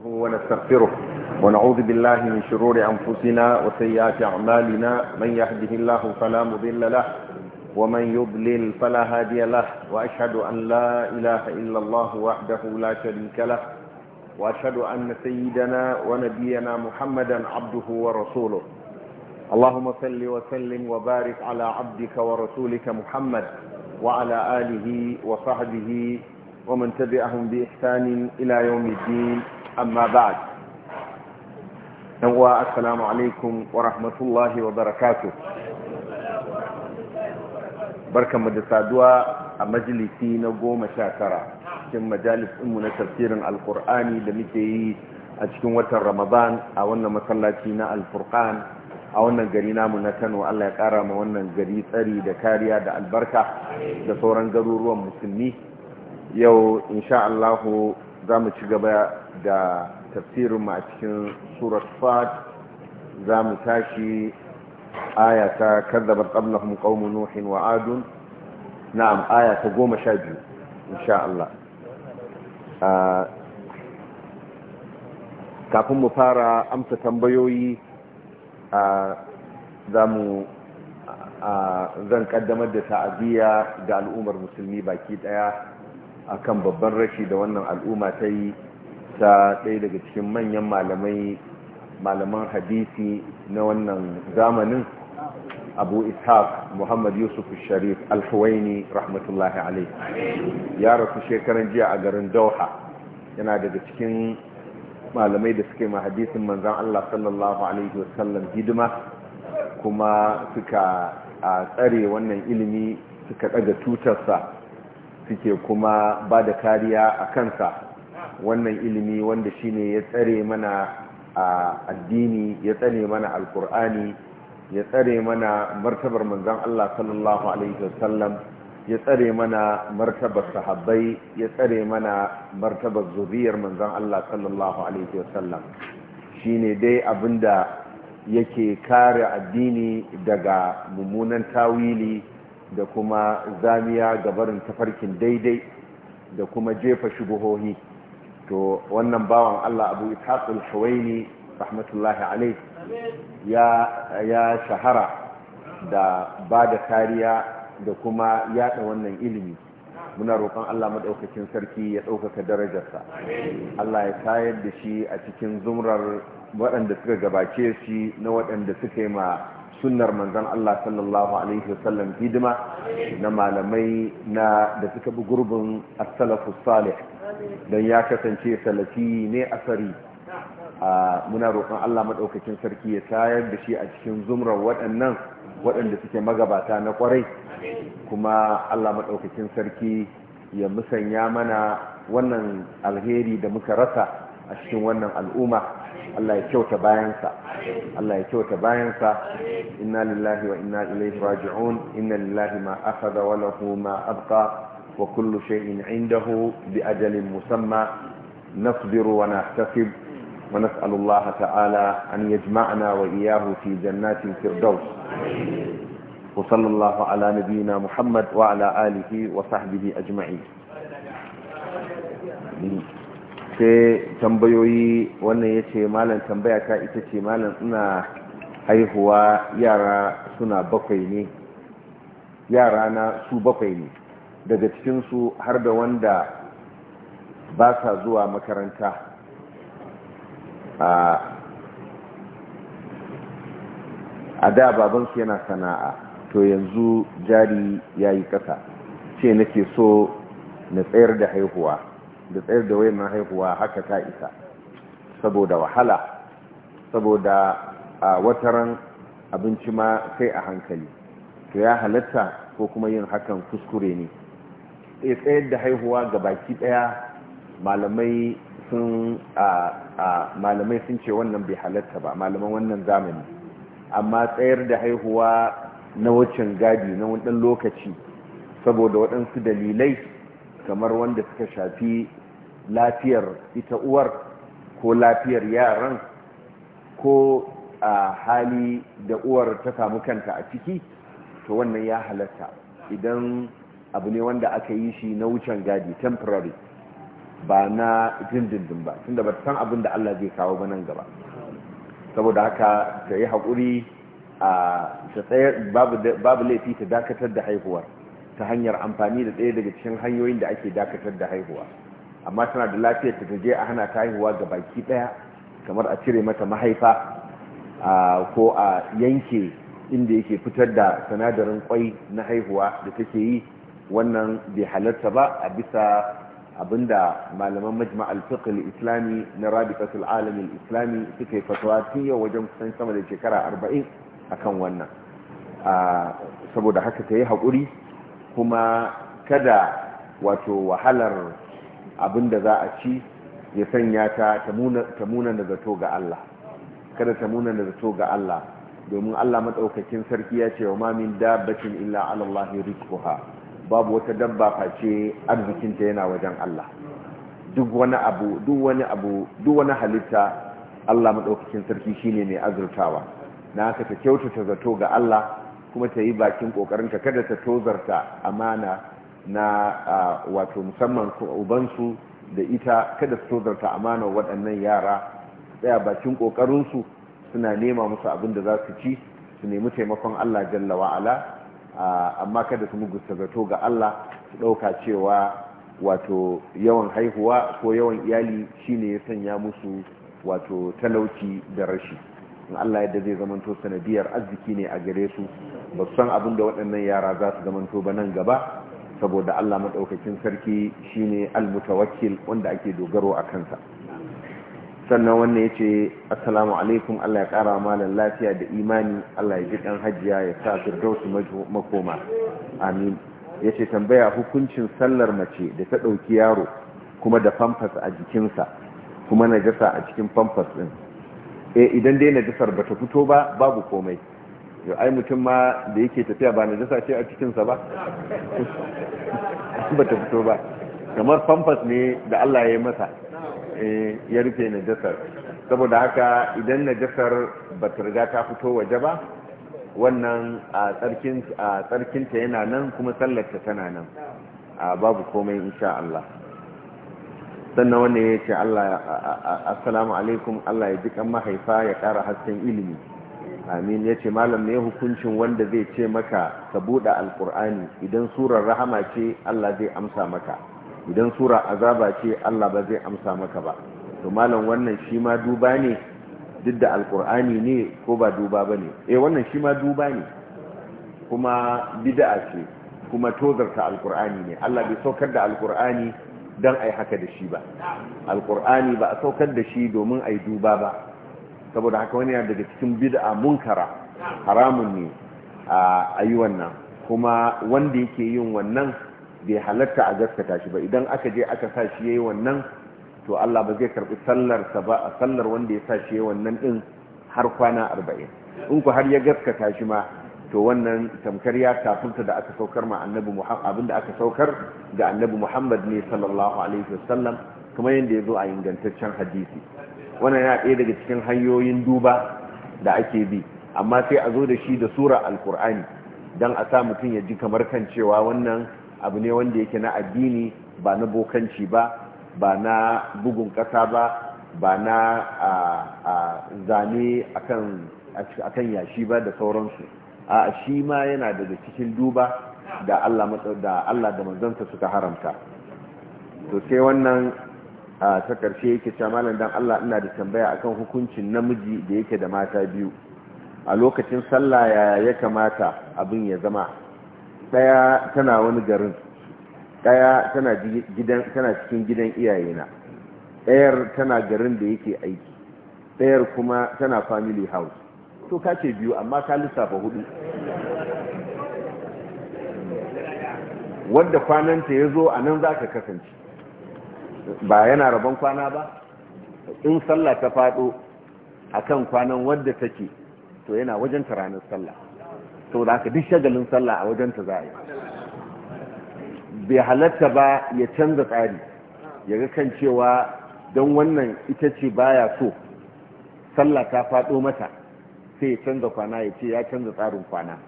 نحمده ونستغفره ونعوذ بالله من شرور أنفسنا وسيئات أعمالنا من يهده الله فلا مضل له ومن يضلل فلا هادي له وأشهد أن لا إله إلا الله وحده لا شريك له وأشهد أن سيدنا ونبينا محمدا عبده ورسوله اللهم صل وسلم وبارك على عبدك ورسولك محمد وعلى آله وصحبه ومن تبعهم بإحسان إلى يوم الدين amma ba'd dan uwa assalamu alaikum wa rahmatullahi wa barakatuh barkanmu da saduwa a majalisi na goma sha tara cikin majalisinmu na tafsirin alkur'ani da muke yi a cikin watan ramadan a wannan masallaci na alfurqan a wannan gari namu na kano allah ya kara ma wannan gari tsari da kariya da albarka da sauran garuruwan musulmi yau insha allahu za mu ci gaba da tafsirinmu a cikin surat fat za mu tashi aya ta kazzabar qablahum ƙaunin nuhin wa adun na'am aya ta sha insha Allah ah, kafin mu fara amsa tambayoyi ah, za mu ah, zan kaddamar da ta'aziyya ga al'ummar musulmi baki daya akan babban rashi da wannan al'umma ta yi ta ɗaya daga cikin manyan malamai malaman hadisi na wannan zamanin abu ishaq muhammad yusuf sharif alhuwaini rahmatullahi alai ya rasu shekaran jiya a garin dauha yana daga cikin malamai da suke ma hadisin manzan allah sallallahu alaihi wasallam hidima kuma suka tsare wannan ilimi suka ɗaga tutarsa suke kuma ba da kariya a kansa wannan ilimi wanda shine ya tsare mana a addini ya tsare mana alkur'ani ya tsare mana martabar manzan Allah sallallahu alaihi wasallam ya tsare mana martabar sahabbai ya tsare mana martabar zuriyar manzan Allah sallallahu alaihi wasallam shine dai abinda yake kare addini daga mummunan tawili da kuma zamiya ga barin tafarkin daidai da kuma jefa shubuhohi to wannan bawan Allah Abu Ishaq shawaini rahmatullahi alaih ya ya shahara da ba da kariya da kuma yada wannan ilimi muna roƙon Allah maɗaukacin sarki ya ɗaukaka darajarsa Allah ya tayar da shi a cikin zumrar waɗanda suka gabace shi na waɗanda suka yi ma sunnar manzon Allah sallallahu alaihi wasallam hidima na malamai na da suka bi gurbin as-salafus salih dan ya kasance salafi ne asari muna roƙon Allah madaukakin sarki ya tayar da shi a cikin zumrar waɗannan waɗanda suke magabata na ƙwarai kuma Allah madaukakin sarki ya musanya mana wannan alheri da muka rasa a cikin wannan al'umma Allah ya kyauta bayansa Allah inna lillahi wa inna ilaihi raji'un inna lillahi ma akhadha wa lahu ma abqa wa kullu shay'in indahu bi ajalin musamma nasbiru wa nahtasib wa nas'alu Allah ta'ala an yajma'ana wa iyyahu fi jannatin firdaus wa sallallahu ala nabiyyina Muhammad wa ala alihi wa sahbihi ajma'in mm sai tambayoyi wannan ya ce malam tambaya ta ita ce malam ina haihuwa yara suna bakwai ne yara na su bakwai ne daga cikinsu har da wanda ba sa zuwa makaranta a da babansu yana sana'a to yanzu jari ya yi ƙasa ce nake so na tsayar da haihuwa da tsayar da wayan haihuwa haka ta isa saboda wahala saboda a wataran abinci ma sai a hankali to ya halatta ko kuma yin hakan kuskure ne ya eh, tsayar da haihuwa ga baki daya malamai sun malamai sun ce wannan bai halatta ba malaman wannan zamani amma tsayar da haihuwa na waccan gadi na wani lokaci saboda waɗansu dalilai kamar wanda suka shafi lafiyar ita uwar ko lafiyar yaran ko a hali da uwar ta samu kanta a ciki to wannan ya halatta idan abu ne wanda aka yi shi na wucin gadi temporary ba na dindindin ba tunda ba san abin da Allah zai kawo ba nan gaba saboda haka ta yi haƙuri a ta tsayar babu laifi ta dakatar da haihuwar ta hanyar amfani da ɗaya daga cikin hanyoyin da ake dakatar da haihuwa amma tana da lafiyar ta je a hana ta haihuwa ga baki daya kamar a cire mata mahaifa ko a yanke inda yake fitar da sanadarin kwai na haihuwa da take yi wannan bai halarta ba a bisa abinda malaman majma'al fiqh islami na rabitatul alamin islami suka yi fatawa tun yau wajen kusan sama da shekara 40 akan wannan saboda haka ta yi haƙuri kuma kada wato wahalar abin da za a ci ya sanya ta ta muna da zato ga Allah kada ta da zato ga Allah domin Allah maɗaukakin sarki ya ce wa ma min illa ya rizquha babu wata dabba face arzikin ta yana wajen Allah duk wani abu duk wani abu duk wani halitta Allah maɗaukakin sarki shine mai azurtawa na haka ta kyautata zato ga Allah kuma ta yi bakin kokarinta kada ta tozarta amana na wato musamman ubansu da ita kada su tozarta amana waɗannan yara tsaya bakin ƙoƙarinsu suna nema musu abin da za su ci su nemi taimakon Allah jalla wa'ala amma kada su mugu zato ga Allah su ɗauka cewa wato yawan haihuwa ko yawan iyali shine ya sanya musu wato talauci da rashi in Allah yadda zai zamanto sanadiyar arziki ne a gare su ba san abin da waɗannan yara za su zamanto ba nan gaba saboda Allah madaukakin sarki shine al-mutawakkil wanda ake dogaro a kansa sannan wannan yace assalamu alaikum Allah ya kara malan lafiya da imani Allah ya ji dan hajjiya ya sa firdausu makoma amin yace tambaya hukuncin sallar mace da ta dauki yaro kuma da famfas a jikinsa kuma najasa a cikin famfas din eh idan dai najasar bata fito ba babu komai yau ai mutum ma da yake tafiya ba najasa ce a cikinsa ba ba ta fito ba kamar famfas ne da Allah ya yi masa eh, ya rufe najasar saboda haka idan najasar ba ta riga ta fito waje ba wannan a tsarkinta yana nan kuma sallarta tana nan a babu komai insha Allah sannan wanda ya ce Allah assalamu alaikum Allah ya ji kan mahaifa ya ƙara hasken ilimi amin ya ce malam ne hukuncin wanda zai ce maka ka buɗe alƙur'ani idan surar rahama ce allah zai amsa maka idan sura azaba ce allah ba zai amsa maka ba to malam wannan shi ma duba ne duk da alƙur'ani ne ko ba duba ba ne eh wannan shi ma duba ne kuma bid'a ce kuma tozarta alƙur'ani ne allah bai saukar da alƙur'ani don a yi haka da shi ba alƙur'ani ba a saukar da shi domin a yi duba ba saboda haka wani yana daga cikin bid'a munkara haramun ne a yi wannan kuma wanda yake yin wannan bai halatta a gaskata shi ba idan aka je aka sa shi yayi wannan to Allah ba zai karbi sallar sa ba a sallar wanda ya sa shi yayi wannan din har kwana 40 in ku har ya gaskata shi ma to wannan tamkar ya tafunta da aka saukar ma annabi Muhammad abinda aka saukar ga annabi Muhammad ne sallallahu alaihi wasallam kamar yadda ya zo a ingantaccen hadisi wannan yana ɗaya daga cikin hanyoyin duba da ake bi amma sai a zo da shi da sura alkur'ani don a sa mutum ya ji kamar kan cewa wannan abu ne wanda yake na addini ba na bokanci ba ba na bugun ƙasa ba ba na zane a kan yashi ba da sauransu a shi ma yana daga cikin duba da Allah da manzansa suka haramta to sai wannan a ta ƙarshe yake cewa malam dan Allah ina da tambaya akan hukuncin namiji da yake da mata biyu a lokacin sallah ya ya kamata abin ya zama daya tana wani garin daya tana gidan tana cikin gidan iyayena ɗayar tana garin da yake aiki ɗayar kuma tana family house to ka ce biyu amma ka lissafa hudu wanda kwananta ya zo a nan za ka kasance ba yana rabon kwana ba in sallah ta fado akan kwanan wadda take to yana wajen ta ranar sallah to da ka duk shagalin sallah a wajen ta za a bai halatta ba ya canza tsari ya ga kan cewa don wannan ita ce baya so sallah ta fado mata sai ya canza kwana ya ce ya canza tsarin kwana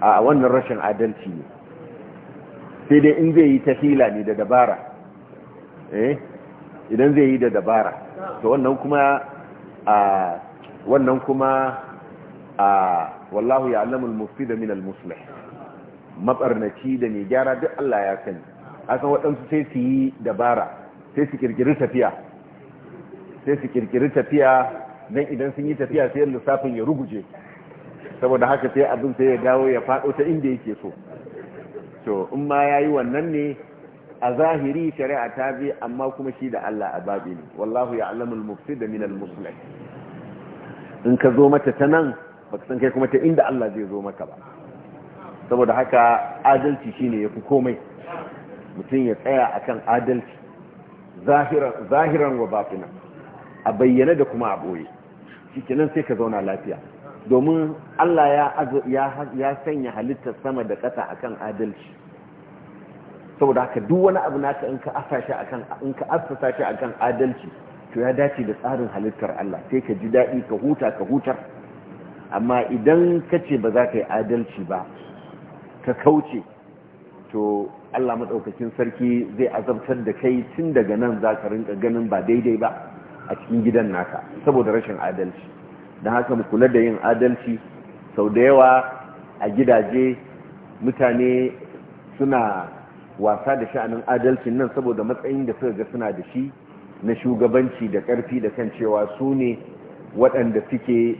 a wannan rashin adalci ne sai dai in zai yi ta hila ne da dabara eh idan zai yi da dabara to wannan kuma a wannan kuma a wallahu ya'lamul mufsida min al-muslih matsarnaci da mai gyara duk Allah ya sani akan waɗansu sai su yi dabara sai su kirkiri tafiya sai su kirkiri tafiya don idan sun yi tafiya sai lissafin ya ruguje saboda haka sai abin sai ya dawo ya faɗo ta inda yake so to in ma ya yi wannan ne a zahiri shari'a ta bi amma kuma shi da Allah a babi ne wallahu ya al-mufsida min al-muslih in ka zo mata ta nan baka san kai kuma ta inda Allah zai zo maka ba saboda haka adalci shine yafi komai mutum ya tsaya akan adalci zahiran zahiran wa batinan a bayyana da kuma a boye shikenan sai ka zauna lafiya domin Allah ya ya sanya halittar sama da ƙasa akan adalci saboda haka duk wani abu naka in ka shi akan in ka asasa shi akan adalci to ya dace da tsarin halittar Allah sai ka ji dadi ka huta ka hutar amma idan ka ce ba za ka yi adalci ba ka kauce to Allah matsaukakin sarki zai azabtar da kai tun daga nan za ka rinka ganin ba daidai ba a cikin gidan naka saboda rashin adalci don haka mu kula da yin adalci sau da yawa a gidaje mutane suna wasa da sha'anin adalcin nan saboda matsayin da suka ga suna da shi na shugabanci da ƙarfi da kan cewa su ne waɗanda suke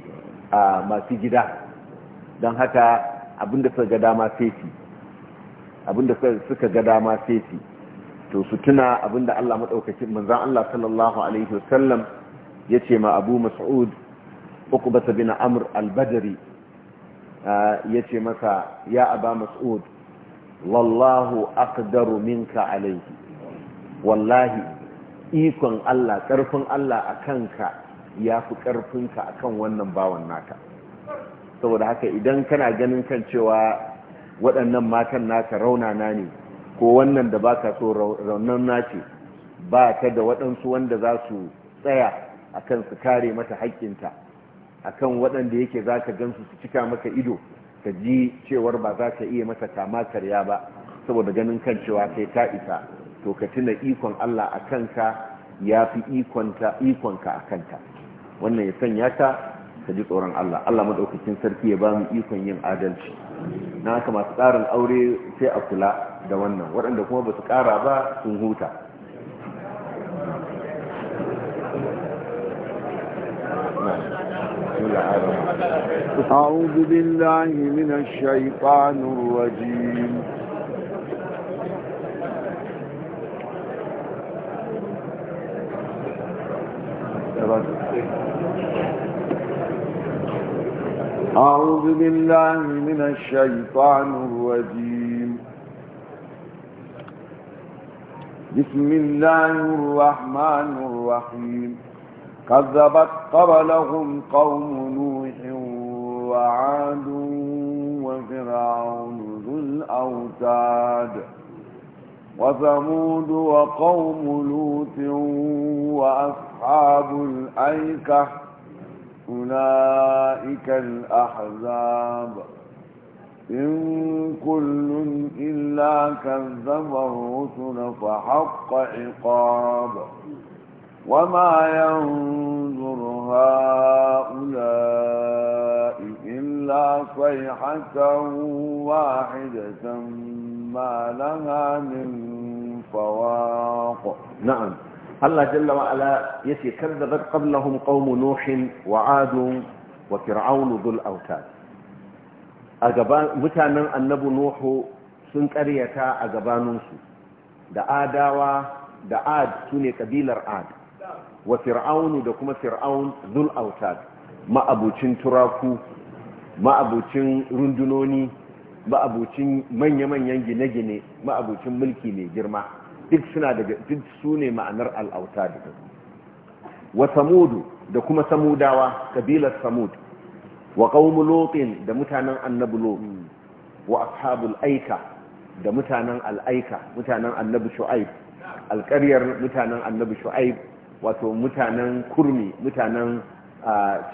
a masu gida don haka abinda suka ga dama sefi abinda suka ga dama sefi to su tuna abinda Allah maɗaukacin manzan Allah sallallahu Alaihi wasallam ya ce ma abu mas'ud uku bata bin amur albadari ya ce masa ya aba mas'ud wallahu aqdaru minka alayhi wallahi ikon Allah karfin Allah akan ka yafi karfin ka akan wannan bawan naka saboda haka idan kana ganin kan cewa waɗannan matan naka raunana ne ko wannan da baka so raunan nace ba ka da waɗansu wanda za su tsaya akan su kare mata haƙƙinta akan waɗanda yake zaka gansu su cika maka ido ta ji cewar ba za ta iya masa kama karya ba saboda ganin kan cewa sai ta isa to ka tuna ikon Allah a kanka ya fi ikonka a kanta wannan ya sanya ta ka ji tsoron Allah Allah maɗaukacin sarki ya ba mu ikon yin adalci na haka masu tsarin aure sai a kula da wannan waɗanda kuma ba su ƙara ba sun huta Bismillahirrahmanirrahim أعوذ بالله من الشيطان الرجيم أعوذ بالله من الشيطان الرجيم بسم الله الرحمن الرحيم كذبت قبلهم قوم نوح وعاد وفرعون ذو الأوتاد وثمود وقوم لوط وأصحاب الأيكة أولئك الأحزاب إن كل إلا كذب الرسل فحق عقاب وما ينظر هؤلاء إلا صيحة واحدة ما لها من فواق نعم الله جل وعلا يسي كذبت قبلهم قوم نوح وعاد وفرعون ذو الأوتاد متانا النبو نوح سنكريتا أقبانوس da adawa da ad su ne kabilar ad wa fir'aunu da kuma fir'aun zul autad ma'abucin turaku ma'abucin rundunoni ma'abucin manya-manyan gine-gine ma'abucin mulki mai girma duk suna daga duk su ne ma'anar al'autad wa samudu da kuma samudawa kabilar samud wa qaumu lutin da mutanen annabi lut wa ashabul aika da mutanen al'aika mutanen annabi shu'aib alƙaryar mutanen annabi shu'aib wato mutanen kurmi mutanen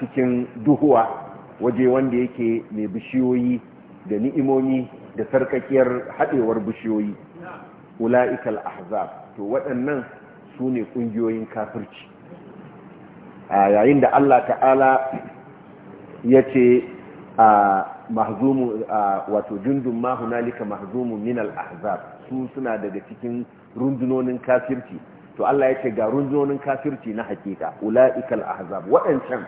cikin duhuwa waje wanda yake mai bishiyoyi da ni'imomi da sarkakiyar haɗewar bishiyoyi ula'ikal ahzab to waɗannan su ne ƙungiyoyin kafirci a yayin da Allah ta'ala ya ce a mahzumu a wato jundun mahunalika mahzumu minal ahzab su suna daga cikin rundunonin kafirci to Allah ya ce ga rundunonin kafirci na hakika ula'ikal ahzab waɗancan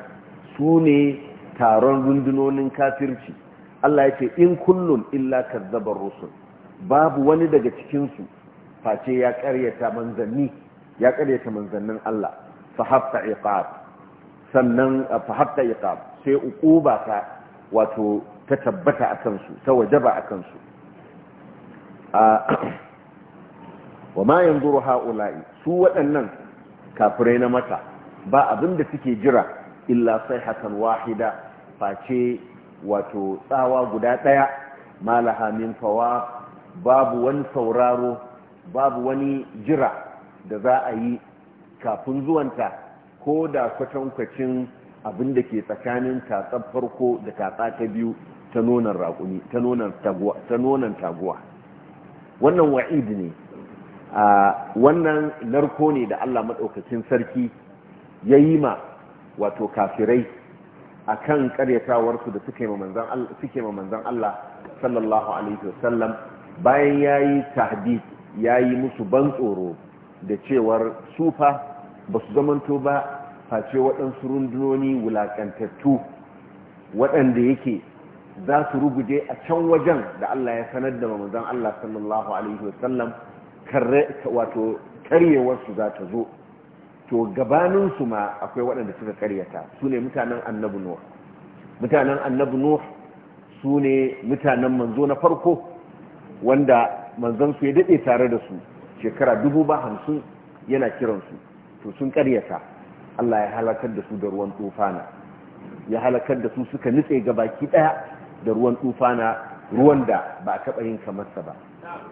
su ne taron rundunonin kafirci Allah ya ce in kullum illa kazzabar rusul babu wani daga cikinsu face ya ƙaryata manzanni ya ƙaryata manzannin Allah fahabta iqab sannan fahabta iqab sai uquba ta wato ta tabbata akan su ta wajaba akan su wa ma yanzuru haula'i su waɗannan kafirai na maka ba abin da suke jira illa sai hakan wahida face wato tsawa guda ɗaya malaha min fawa babu wani sauraro babu wani jira da za a yi kafin zuwanta ko da kwatankwacin abin da ke tsakanin tatsar farko da tatsa ta biyu ta nonan ta nonon taguwa wannan wa'id ne wannan narko ne da Allah maɗaukacin sarki ya yi ma wato kafirai a kan ƙaryatawarsu da suke ma manzan Allah sallallahu Alaihi wasallam bayan ya yi tahdid ya yi musu ban tsoro da cewar sufa ba su zamanto ba face waɗansu rundunoni wulaƙantattu waɗanda yake za su ruguje a can wajen da Allah ya sanar da manzan Allah sallallahu Alaihi wasallam wato karyewarsu za ta zo to gabaninsu ma akwai waɗanda suka karyata su ne mutanen annabi nuh mutanen annabi nuh su ne mutanen manzo na farko wanda manzansu ya daɗe tare da su shekara dubu ba hamsin yana kiransu to sun karyata Allah ya halakar da su da ruwan tufana ya halakar da su suka nutse ga baki ɗaya da ruwan tufana ruwan da ba a taɓa yin kamarsa ba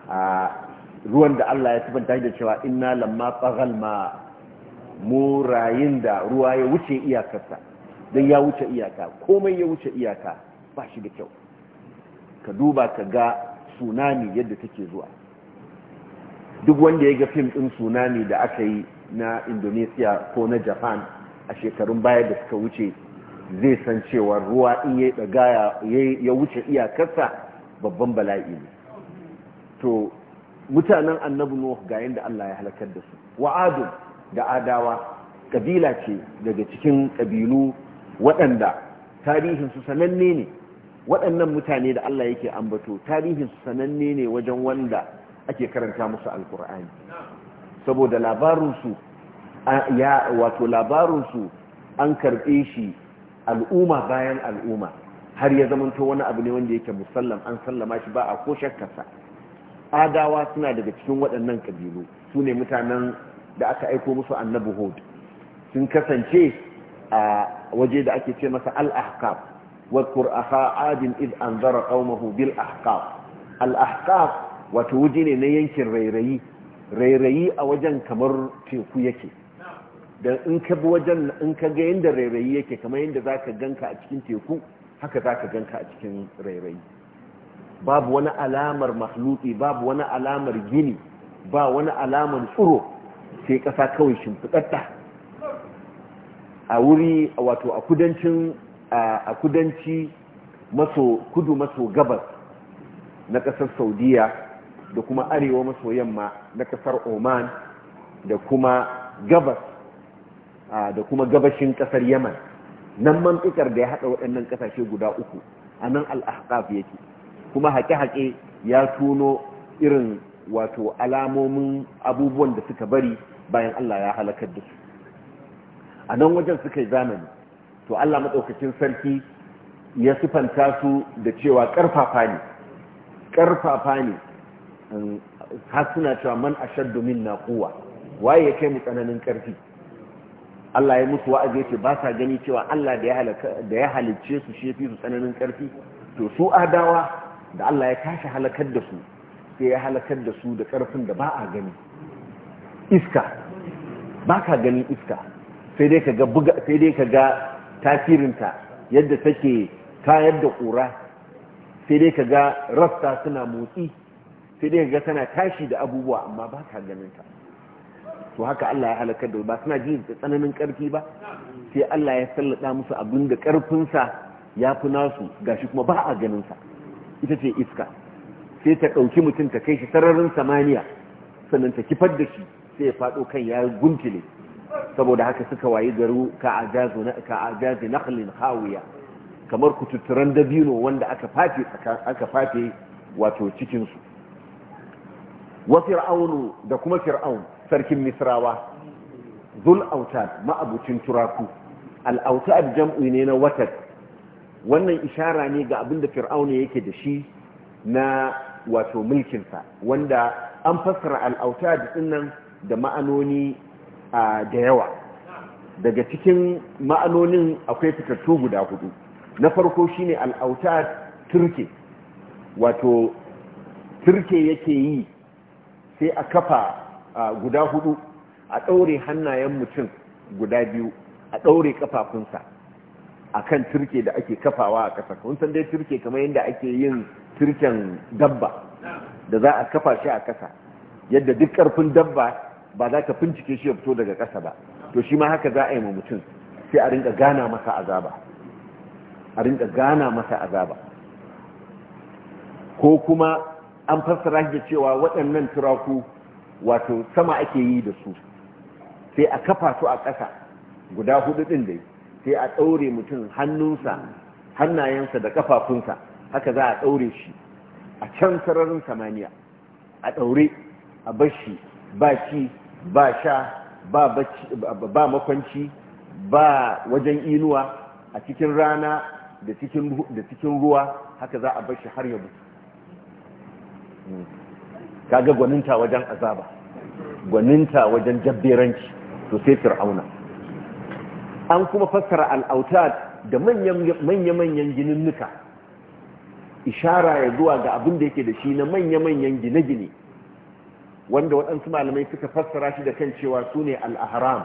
ah, ruwan da Allah ya sifanta da cewa inna lamma tsagal ma mu da ruwa ya wuce iyakarsa don ya wuce iyaka komai ya wuce iyaka ba shi da kyau ka duba ka ga tsunami yadda take zuwa duk wanda ya ga fim ɗin tsunami da aka yi na indonesia ko na japan a shekarun baya da suka wuce zai san cewa ruwa in ya ya wuce iyakarsa babban bala'i ne to mutanen annabi nuh ga yadda Allah ya halakar da su wa adu da adawa kabila ce daga cikin kabilu waɗanda tarihin su sananne ne waɗannan mutane da Allah yake ambato tarihin su sananne ne wajen wanda ake karanta musu alkur'ani saboda labarinsu ya wato labarinsu an karɓe shi al'umma bayan al'umma har ya zamanto wani abu ne wanda yake musallam an sallama shi ba a ko shakkarsa adawa suna daga cikin waɗannan ƙabilu su ne mutanen da aka aiko musu annabi hud sun kasance a waje da ake ce masa al-ahqaf a ha'adin adin id anzara qaumahu bil ahqaf al-ahqaf wato waje ne na yankin rairayi rairayi a wajen kamar teku yake dan in ka bi wajen in ka ga yanda rairayi yake kamar yanda zaka ganka a cikin teku haka zaka ganka a cikin rairayi babu wani alamar mahluki babu wani alamar gini ba wani alamar tsuro sai kasa kawai shimfiɗaɗɗa a wuri wato a kudancin a kudanci maso kudu maso gabas na ƙasar saudiya da kuma arewa maso yamma na ƙasar oman da kuma gabas da kuma gabashin ƙasar yaman nan mantikar da ya haɗa waɗannan ƙasashe guda uku a nan al'ahqaf yake kuma haƙe-haƙe ya tuno irin wato alamomin abubuwan da suka bari bayan Allah ya halakar da su a nan wajen suka yi zamani to Allah maɗaukacin sarki ya sifanta su da cewa ƙarfafa ne ƙarfafa ne har cewa man domin na kowa waye ya kai mu tsananin ƙarfi Allah ya mutu wa'azi ce ba sa gani cewa Allah da ya halicce su shefi su tsananin ƙarfi to su adawa da Allah ya tashi halakar da su sai ya halakar da su da ƙarfin da ba a gani iska ba ka ganin iska sai dai ka ga buga sai dai ka tasirinta yadda take tayar da ƙura sai dai ka ga rasta suna motsi sai dai ka ga tana tashi da abubuwa amma ba ka ganin ta to haka Allah ya halakar da ba suna jin tsananin ƙarfi ba sai Allah ya sallada musu abin da ƙarfinsa ya fi nasu gashi kuma ba a ganin sa ita ce iska sai ta ɗauki mutum ta kai shi sararin samaniya sannan ta kifar da shi sai ya faɗo kan ya guntule saboda haka suka wayi garu ka na nakhlin hawiya kamar kututturan dabino wanda aka fafe wato cikin su wa fir'aunu da kuma fir'aun sarkin misrawa zul autad ma'abucin turaku al autad jam'u ne na watat wannan ishara ne ga abin da fir'auna yake da shi na wato mulkinsa wanda an fassara al'auta da sunan da ma'anoni da yawa daga cikin ma'anonin akwai fitattu guda hudu na farko shine al'auta turke wato turke yake yi sai a kafa guda hudu a ɗaure hannayen mutum guda biyu a ɗaure kafafunsa akan turke da ake kafawa a ƙasa kun san dai turke kamar yadda ake yin turken dabba da za a kafa shi a ƙasa yadda duk ƙarfin dabba ba za ka bincike shi ya fito daga ƙasa ba to shi ma haka za a yi ma mutum sai a rinka gana masa azaba a rinka gana masa azaba ko kuma an fassara shi cewa waɗannan turaku wato sama ake yi da su sai a kafa su a ƙasa guda hudu ɗin da sai a ɗaure mutum hannunsa hannayensa da kafafunsa haka za a ɗaure shi a can sararin samaniya a ɗaure a bashi ba ci ba sha ba makwanci ba wajen inuwa a cikin rana da cikin ruwa haka za a bashi har yabu kaga gwaninta wajen azaba gwaninta wajen jabberanci to sai fir'auna an kuma fassara al'autar da manya-manyan ginin ishara ya zuwa ga abin da yake da shi na manya-manyan gine-gine wanda waɗansu malamai suka fassara shi da kan cewa su ne al'aharam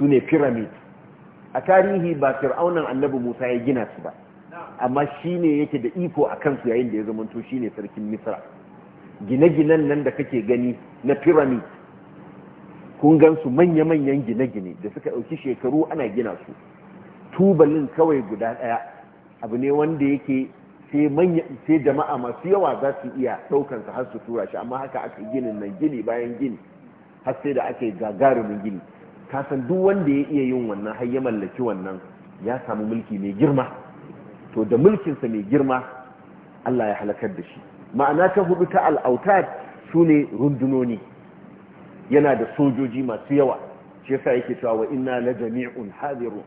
su ne pyramid a tarihi ba fir'aunan annabi musa ya gina su ba amma shi ne yake da iko a kansu yayin da ya zamanto shi ne sarkin misra gine-ginen nan da kake gani na pyramid kun gan su manya-manyan gine-gine da suka ɗauki shekaru ana gina su tubalin kawai guda ɗaya abu ne wanda yake sai jama'a masu yawa za su iya ɗaukan su har su tura shi amma haka aka ginin nan gini bayan gini har sai da aka yi gagarumin gini kasan duk wanda ya iya yin wannan har ya mallaki wannan ya samu mulki mai girma to da mulkinsa mai girma Allah ya halakar da shi ma'ana ta hudu ta al'autar su ne rundunoni yana da sojoji masu yawa shi yasa yake cewa wa inna la jami'un hadirun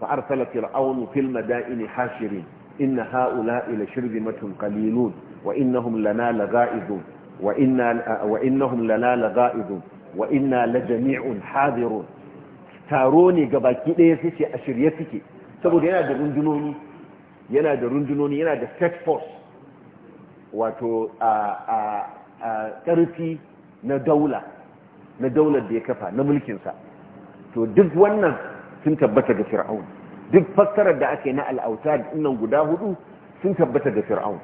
fa arsala fir'aun fil madaini hashirin inna ha'ula'i la shirzimatun qalilun wa innahum lana wa inna wa innahum lana laga'izun wa inna la jami'un hadirun taro ne gabaki daya sai a shirye suke saboda yana da rundunoni yana da rundunoni yana da set force wato a ƙarfi na daula na daular da ya kafa na mulkinsa to duk wannan sun tabbata ga fir'aun duk fassarar da ake na al'auta nan guda hudu sun tabbata ga fir'aun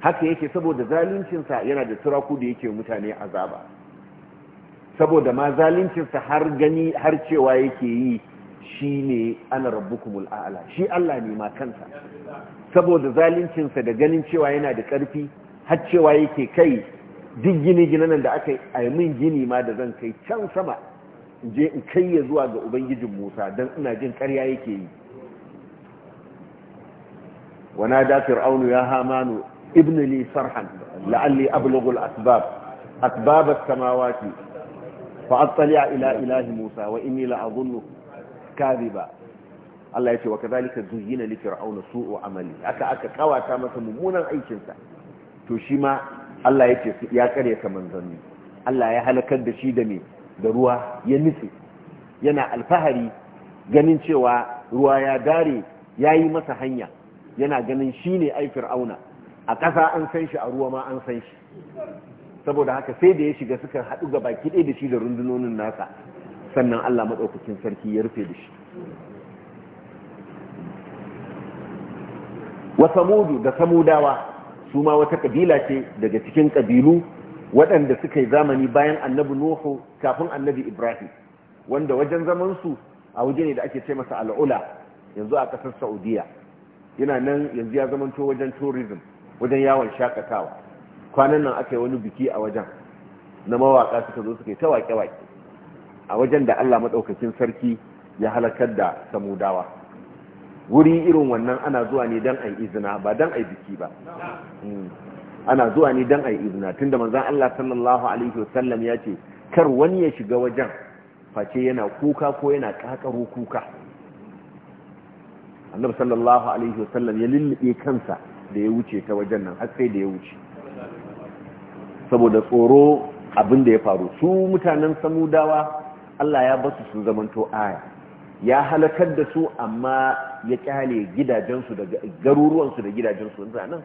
haka yake saboda zaluncinsa yana da turaku da yake mutane azaba saboda ma zaluncinsa har gani har cewa yake yi shi ne ana rabbukumul a'ala shi Allah ne ma kansa saboda zaluncinsa da ganin cewa yana da ƙarfi har cewa yake kai duk gini nan da aka yi min gini ma da zan kai can sama je in kai ya zuwa ga ubangijin musa don ina jin karya yake yi wana da fir'aunu ya hamanu ibn li sarhan la'alli ablughu al-asbab asbab as-samawati fa attali'a ila ilahi musa wa inni la'adhunnu kadhiba Allah ya ce wa kadhalika zuyyina li fir'auna su'u amali aka aka kawata masa mummunan aikinsa to shi ma Allah ya ce ya ka manzanni Allah ya halakar da shi da me da ruwa ya nufi. yana alfahari ganin cewa ruwa ya dare ya yi masa hanya yana ganin shi ne ai fir'auna a ƙasa an san shi a ruwa ma an san shi saboda haka sai da ya shiga suka haɗu ga baki ɗaya da shi da rundunonin nasa sannan Allah maɗaukakin sarki ya rufe da shi wa samudu da samudawa su ma wata kabila ce daga cikin kabilu waɗanda suka yi zamani bayan annabi nuhu kafin annabi ibrahim wanda wajen zamansu a waje ne da ake ce masa al'ula yanzu a ƙasar saudiya yana nan yanzu ya zamanto wajen tourism wajen yawon shakatawa kwanan nan aka yi wani biki a wajen na mawaƙa suka zo suka yi ta waƙe-waƙe a wajen da allah maɗaukakin sarki ya halakar da samudawa wuri irin wannan ana zuwa ne don a yi izina ba don a yi biki ba hmm. ana zuwa ne don a yi izina tun da manzan Allah sallallahu alaihi wasallam ya ce kar wani ya shiga wajen face yana kuka ko yana kakaro kuka annab sallallahu alaihi wasallam ya lullube kansa da ya wuce ta wajen nan har sai da ya wuce saboda tsoro abin da ya faru su mutanen samudawa Allah ya basu su zamanto aya ya halakar da su amma ya kyale gidajensu da garuruwansu da gidajensu da nan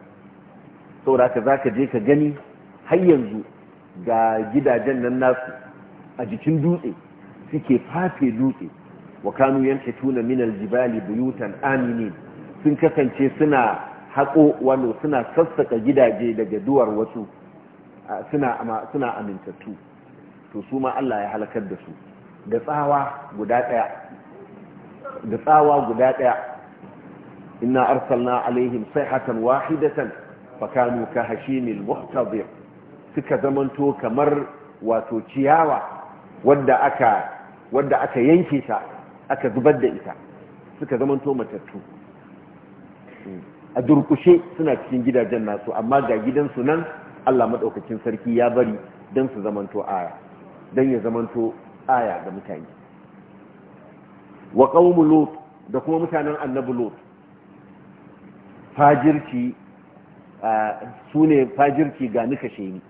saboda haka za ka je ka gani har yanzu ga gidajen nan nasu a jikin dutse suke fafe dutse wa kanu yanke tuna minar jibali buyutan amini sun kasance suna haƙo wano suna sassaƙa gidaje daga duwar wasu suna amintattu to su ma Allah ya halakar da su da tsawa guda ɗaya da tsawa guda daya inna arsalna alaihim sayhatan wahidatan fakanu ka hashimil muhtadir suka zamanto kamar wato ciyawa wadda aka wanda aka yanke ta aka zubar da ita suka zamanto matattu a durkushe suna cikin gidajen nasu amma ga gidansu nan Allah maɗaukacin sarki ya bari don su zamanto aya don ya zamanto aya ga mutane wa qaumu lut da kuma mutanen annabi lut fajirci su ne fajirci ga nika sheni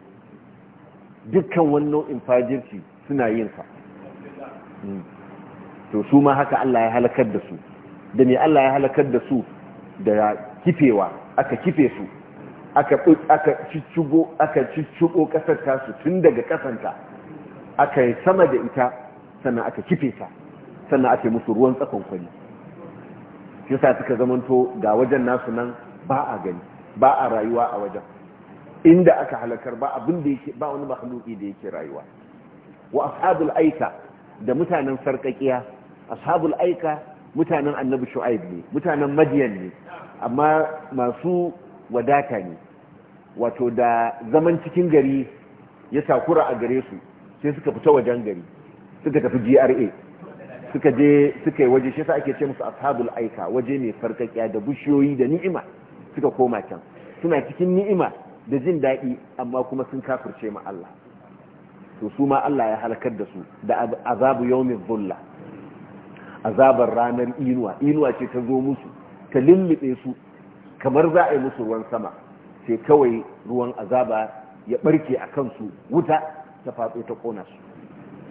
dukkan wannan nau'in fajirci suna yin sa hmm. to su ma haka Allah ya halakar da su da me Allah ya halakar da su da kifewa aka kife su aka aka aka ciccigo kasar tasu tun daga kasanta aka sama da ita sannan aka kife ta sannan ake musu ruwan tsakon kwani shi sa suka zamanto ga wajen nasu nan ba a gani ba a rayuwa a wajen inda aka halakar ba abin da yake ba wani makhluki da yake rayuwa wa ashabul aika da mutanen sarkakiya ashabul aika mutanen annabi shu'aib ne mutanen madiyan ne amma masu wadata ne wato da zaman cikin gari ya takura a gare su sai suka fita wajen gari suka tafi GRA suka je suka yi waje shi sa ake ce musu ashabul aika waje mai farkakiya da bushiyoyi da ni'ima suka koma can suna cikin ni'ima da jin daɗi amma kuma sun kafirce ma Allah to su ma Allah ya halakar da su da azabu yawmin zulla azabar ranar inuwa inuwa ce ta zo musu ta lullube su kamar za a yi musu ruwan sama sai kawai ruwan azaba ya barke a kansu wuta ta faɗo ta kona su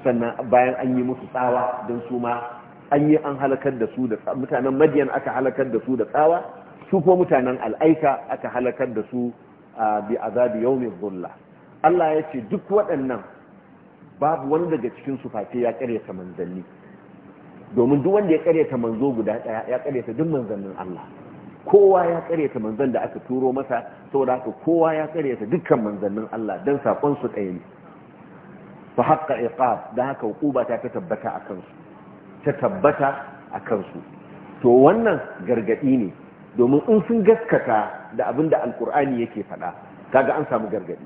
sannan bayan an yi musu tsawa don su ma an yi an halakar da su da mutanen madiyan aka halakar da su da tsawa su ko mutanen al'aika aka halakar da su bi azabi mai dhulla Allah ya ce duk waɗannan babu wani daga cikin su face ya karyata manzanni domin duk wanda ya karyata manzo guda ɗaya ya karyata duk manzannin Allah kowa ya karyata manzan da aka turo masa saboda haka kowa ya karyata dukkan manzannin Allah don saƙon su ɗaya ne fa haqqa iqab da haka hukuba ta tabbata a kansu ta tabbata a kansu to wannan gargadi ne domin in sun gaskata da abin da alkur'ani yake faɗa kaga an samu gargadi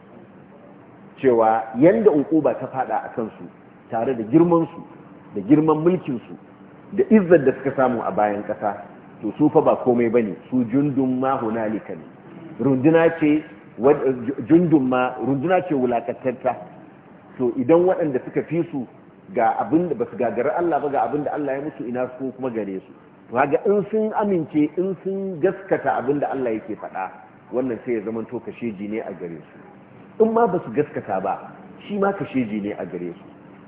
cewa yanda hukuba ta faɗa a kansu tare da girman su da girman mulkin su da izzar da suka samu a bayan ƙasa to su fa ba komai bane su jundun ma hunalika ne runduna ce jundun ma to idan waɗanda suka fi su ga abin da basu gagari Allah ba ga abin da Allah ya mutu ina su kuma gare su to haka in sun amince in sun gaskata abin da Allah yake faɗa wannan sai ya zama to kasheji ne a gare su in ma basu gaskata ba shi ma kasheji ne a gare su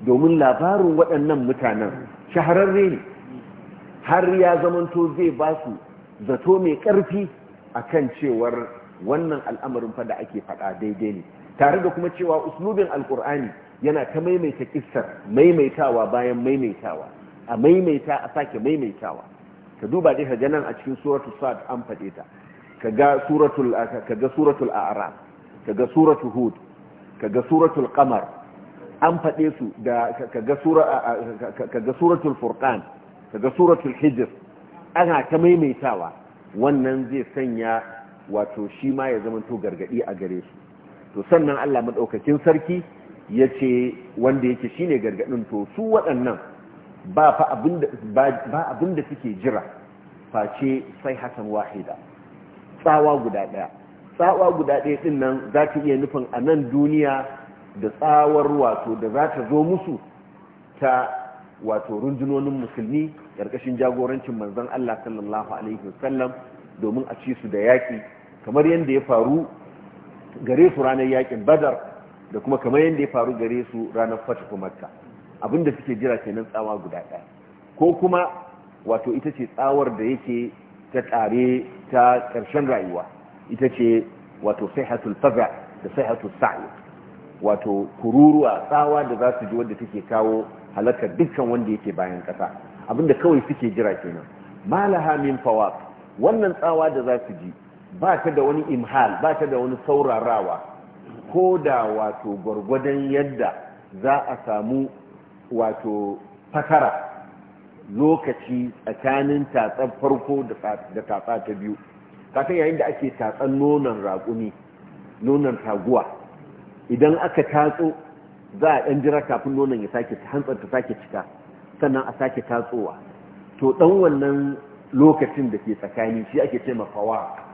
domin labarin waɗannan mutanen shahararre ne har ya zamanto zai ba su zato mai ƙarfi akan cewar wannan al'amarin fada ake faɗa daidai ne tare da kuma cewa uslubin alkur'ani yana ta maimaita kissar maimaitawa bayan maimaitawa a maimaita a sake maimaitawa ka duba dai kaga nan a cikin suratul sad an faɗe ta ga suratul kaga ka ga suratul hud ga suratul qamar an faɗe su da kaga suratul furqan kaga suratul hijr ana ta maimaitawa wannan zai sanya wato shi ma ya zama to gargadi a gare su to sannan Allah madaukakin sarki ya ce wanda yake shine gargadin to su waɗannan ba fa abinda ba abinda suke jira face sai hasan wahida tsawa guda daya tsawa guda ɗaya din nan za ta iya nufin a nan duniya da tsawar wato da za ta zo musu ta wato rundunonin musulmi ƙarƙashin jagorancin manzon Allah sallallahu alaihi wasallam domin a ci su da yaƙi kamar yadda ya faru gare su ranar yakin badar da kuma kamar yadda ya faru gare su ranar fatahu makka abinda suke jira kenan tsawa guda ɗaya ko kuma wato ita ce tsawar da yake ta ƙare ta ƙarshen rayuwa ita ce wato saihatul faza da saihatul sa'i wato kururuwa tsawa da za su ji wanda take kawo halakar dukkan wanda yake bayan ƙasa abinda kawai suke jira kenan malaha min fawaq wannan tsawa da za su ji ba ta da wani imhal ba ta da wani saurarawa ko da wato gwargwadon yadda za a samu wato fakara lokaci tsakanin tatsar farko da tatsa ta biyu kasan yayin da ake tatsar nonon raƙumi nonon taguwa idan aka tatso za a ɗan jira kafin nonon ya sake hantsar ta sake cika sannan a sake tatsowa to ɗan wannan lokacin da ke tsakani shi ake ce mafawa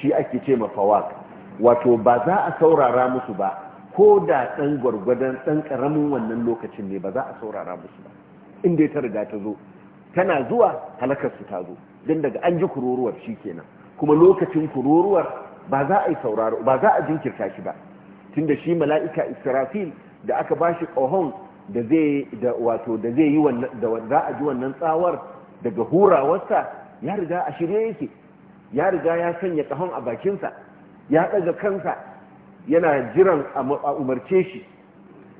shi ake ce mafawak wato ba za a saurara musu ba ko da ɗan gwargwadon ɗan ƙaramin wannan lokacin ne ba za a saurara musu ba inda ta riga ta zo tana zuwa halakarsu ta zo don daga an ji kururuwar shi kenan kuma lokacin kururuwar ba za a yi sauraro jinkirta shi ba tunda shi mala'ika israfil da aka ba shi ƙohon da zai wato da zai yi wannan ji wannan tsawar daga hurawarsa ya riga a shirye yake ya riga ya sanya kahon a bakinsa ya ɗaga kansa yana jiran a umarce shi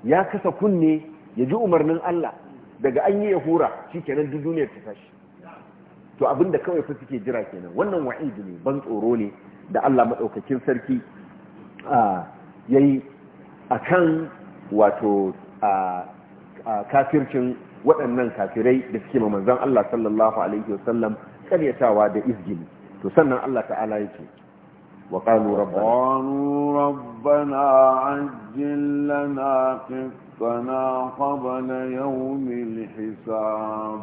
ya kasa kunne ya ji umarnin Allah daga an yi ya hura shi kenan duk duniyar ta tashi to abinda kawai fa suke jira kenan wannan wa'idi ne ban tsoro ne da Allah maɗaukakin sarki ya yi a kan wato kafircin waɗannan kafirai da suke manzan Allah sallallahu Alaihi wasallam karyatawa da izgini تسنى الله تعالى ta'ala وقالوا ربنا ربنا عجل لنا قطنا قبل يوم الحساب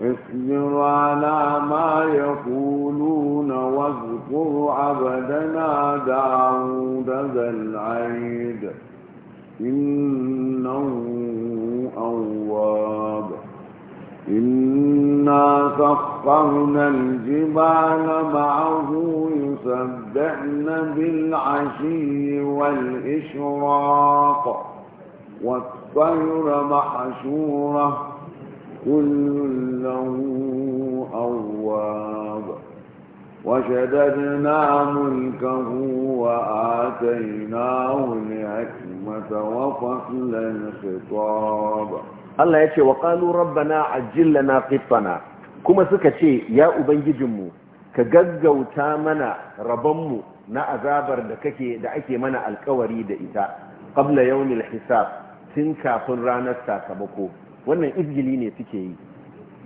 اصبر على ما يقولون واذكر عبدنا داود ذا العيد إنه أواب إنا سخرنا الجبال معه يسبحن بالعشي والإشراق والطير محشورة كل له أواب وشددنا ملكه وآتيناه الحكمة وفصل الخطاب Allah ya ce wa qalu rabbana ajil lana kuma suka ce ya ubangijinmu ka gaggauta mana mu na azabar da kake da ake mana alkawari da ita qabla yawmil hisab tun kafin ranar sakamako wannan izgili ne suke yi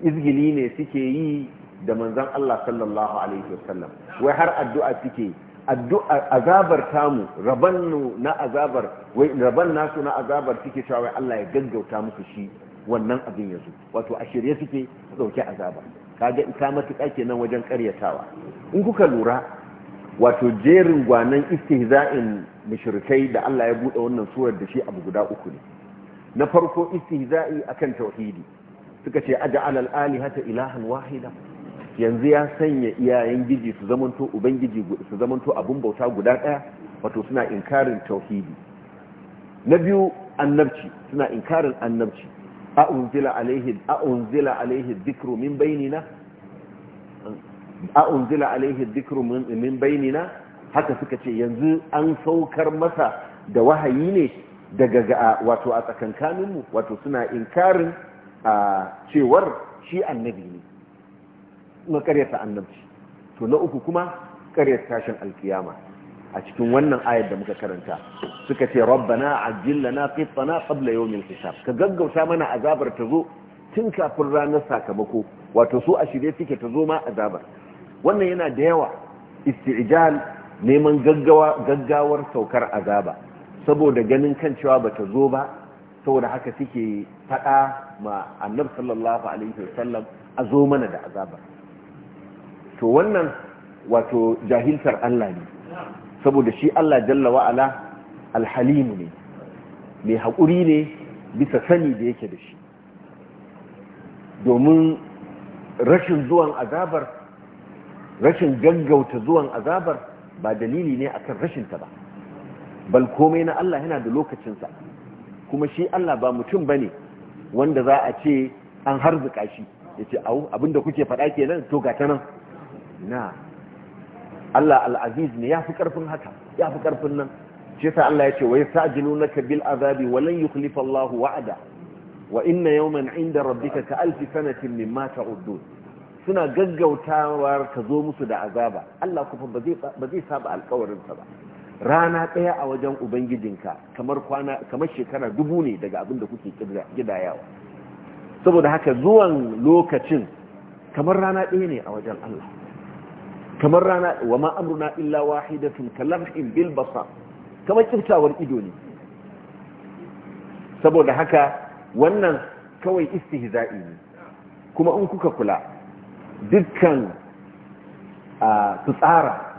izgili ne suke yi da manzon Allah sallallahu alaihi wasallam wai har addu'a suke yi addu'a azabar tamu rabannu na azabar wai raban nasu na azabar suke cewa wai Allah ya gaggauta musu shi wannan abin yazo wato a shirye suke dauke azaba kaga ita matuƙa kenan wajen ƙaryatawa in kuka lura wato jerin gwanan istihza'in mushrikai da Allah ya bude wannan surar da shi abu guda uku ne na farko istihza'i akan tauhidi suka ce aja'al al-alihata ilahan wahida yanzu ya sanya iyayen giji su zamanto ubangiji su zamanto abun bauta guda daya wato suna inkarin tauhidi na biyu annabci suna inkarin annabci a unzila alaihi a unzila alaihi dhikru min bainina a unzila alaihi dhikru min bainina haka suka ce yanzu an saukar masa da wahayi ne daga wato a tsakankaninmu wato suna inkarin cewar shi annabi ne kuma karyata annabci to na uku kuma karyata tashin alkiyama a cikin wannan ayar da muka karanta suka ce rabbana ajil lana qitana qabla yawmil hisab ka gaggauta mana azabar ta zo tun kafin ranar sakamako wato su a suke ta zo ma azabar wannan yana da yawa isti'jal neman gaggawa gaggawar saukar azaba saboda ganin kan cewa bata zo ba saboda haka suke fada ma annabi sallallahu alaihi wasallam a zo mana da azabar to wannan wato jahiltar Allah ne saboda shi Allah jalla wa'ala alhalimu ne mai haƙuri ne bisa sani da yake da shi domin rashin zuwan azabar rashin gaggauta zuwan azabar ba dalili ne akan rashinta ba bal komai na Allah yana da lokacinsa kuma shi Allah ba mutum ba ne wanda za a ce an harzuka shi ya ce abinda kuke faɗa kenan to ga ta nan na Allah Al'aziz ne ya fi karfin haka ya fi karfin nan shi sa Allah ya ce wa na bil azabi wa lan yukhlifa Allah wa'ada wa inna yawman 'inda rabbika ka alfi sanatin mimma ta'udun suna gaggautawar ka zo musu da azaba Allah kuma ba ba zai saba sa ba rana ɗaya a wajen ubangijinka kamar kwana kamar shekara dubu ne daga abin da kuke gidayawa saboda haka zuwan lokacin kamar rana ɗaya ne a wajen Allah kamar rana wa ma illa wahidatun kalamhin bilbasa basar kamar kiftawar ido ne saboda haka wannan kawai istihza'i ne kuma in kuka kula dukkan su tsara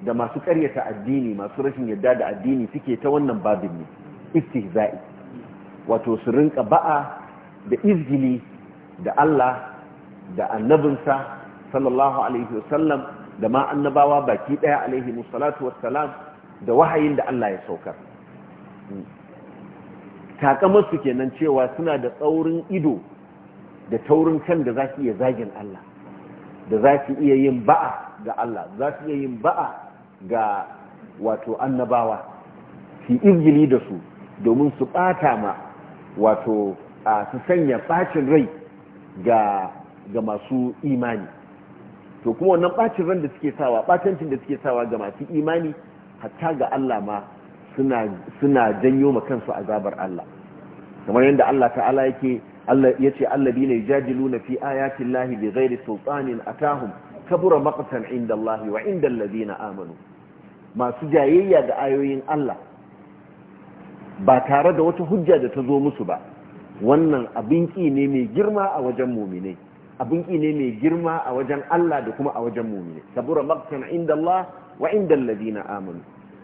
da masu karyata addini masu rashin yadda da addini suke ta wannan babin ne istihza'i wato su rinka ba'a da izgili da Allah da annabinsa sallallahu alaihi wasallam da ma annabawa baki daya alaihi musallatu wassalam da wahayin da Allah ya saukar hmm. takamarsu kenan cewa suna da tsaurin ido da taurin kan da za iya zagin Allah da za iya yin ba'a ga Allah zasu iya yin ba'a ga wato annabawa su izgili da su domin su bata ma wato su sanya bacin rai ga masu imani to kuma wannan ɓacin ran da suke sawa ɓatancin da suke sawa ga masu imani hatta ga Allah ma suna janyo ma kansu azabar Allah kamar yadda Allah ta'ala yake Allah yace ne yajadiluna fi ayati llahi ghairi sultanin atahum kabura maqtan inda Allah wa inda alladina amanu masu jayayya da ayoyin Allah ba tare da wata hujja da ta zo musu ba wannan abin ki ne mai girma a wajen muminai abin ne mai girma a wajen Allah da kuma a wajen mu'mini kabura maqtan inda Allah wa inda alladhina amanu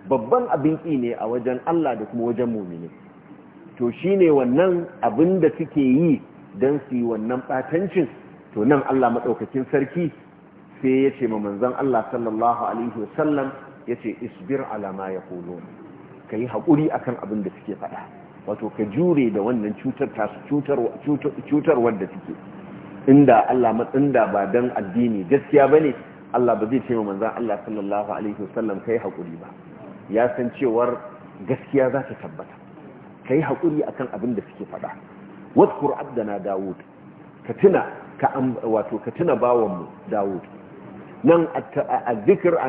babban abin ne a wajen Allah da kuma wajen mu'mini to shine wannan abin da suke yi dan su yi wannan batancin to nan Allah madaukakin sarki sai ya ce ma manzon Allah sallallahu alaihi wasallam yace isbir ala ma yaqulun kai hakuri akan abin da suke faɗa wato ka jure da wannan cutar tasu cutar cutar wanda suke inda Allah matsinda ba dan addini gaskiya ne, Allah ba zai ce wa manzan Allah sallallahu alaihi wasallam kai haƙuri ba ya san cewar gaskiya za ta tabbata kai hakuri akan abin da suke faɗa wadkur na, Dawud ka tuna ka wato ka tuna bawan mu Dawud nan a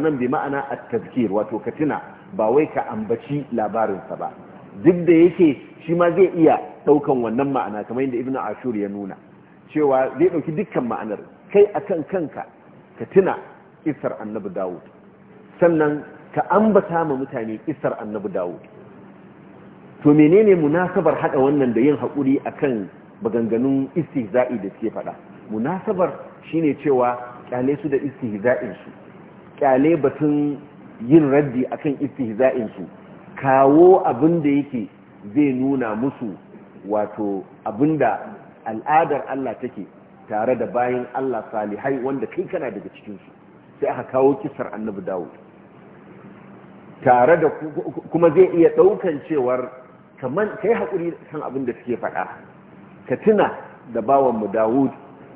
nan bi ma'ana a tazkir wato ka tuna ba wai ka ambaci labarinsa ba duk da yake shi ma zai iya ɗaukan wannan ma'ana kamar yadda ibnu ashur ya nuna cewa zai ɗauki dukkan ma'anar kai a kan kanka ka tuna isar annabi dawud sannan ka ambata ma mutane isar annabi dawud to menene munasabar haɗa wannan da yin haƙuri akan maganganun istihza'i da suke faɗa munasabar shine cewa kyale su da istihza'in su kyale batun yin raddi akan istihza'in su kawo abin da yake zai nuna musu wato abinda al'adar Allah take tare da bayan Allah salihai wanda kai kana daga cikinsu sai aka kawo kisar annabi dawud tare da kuma zai iya ɗaukan cewar kaman kai haƙuri kan abin da suke faɗa ka tuna da bawanmu dawud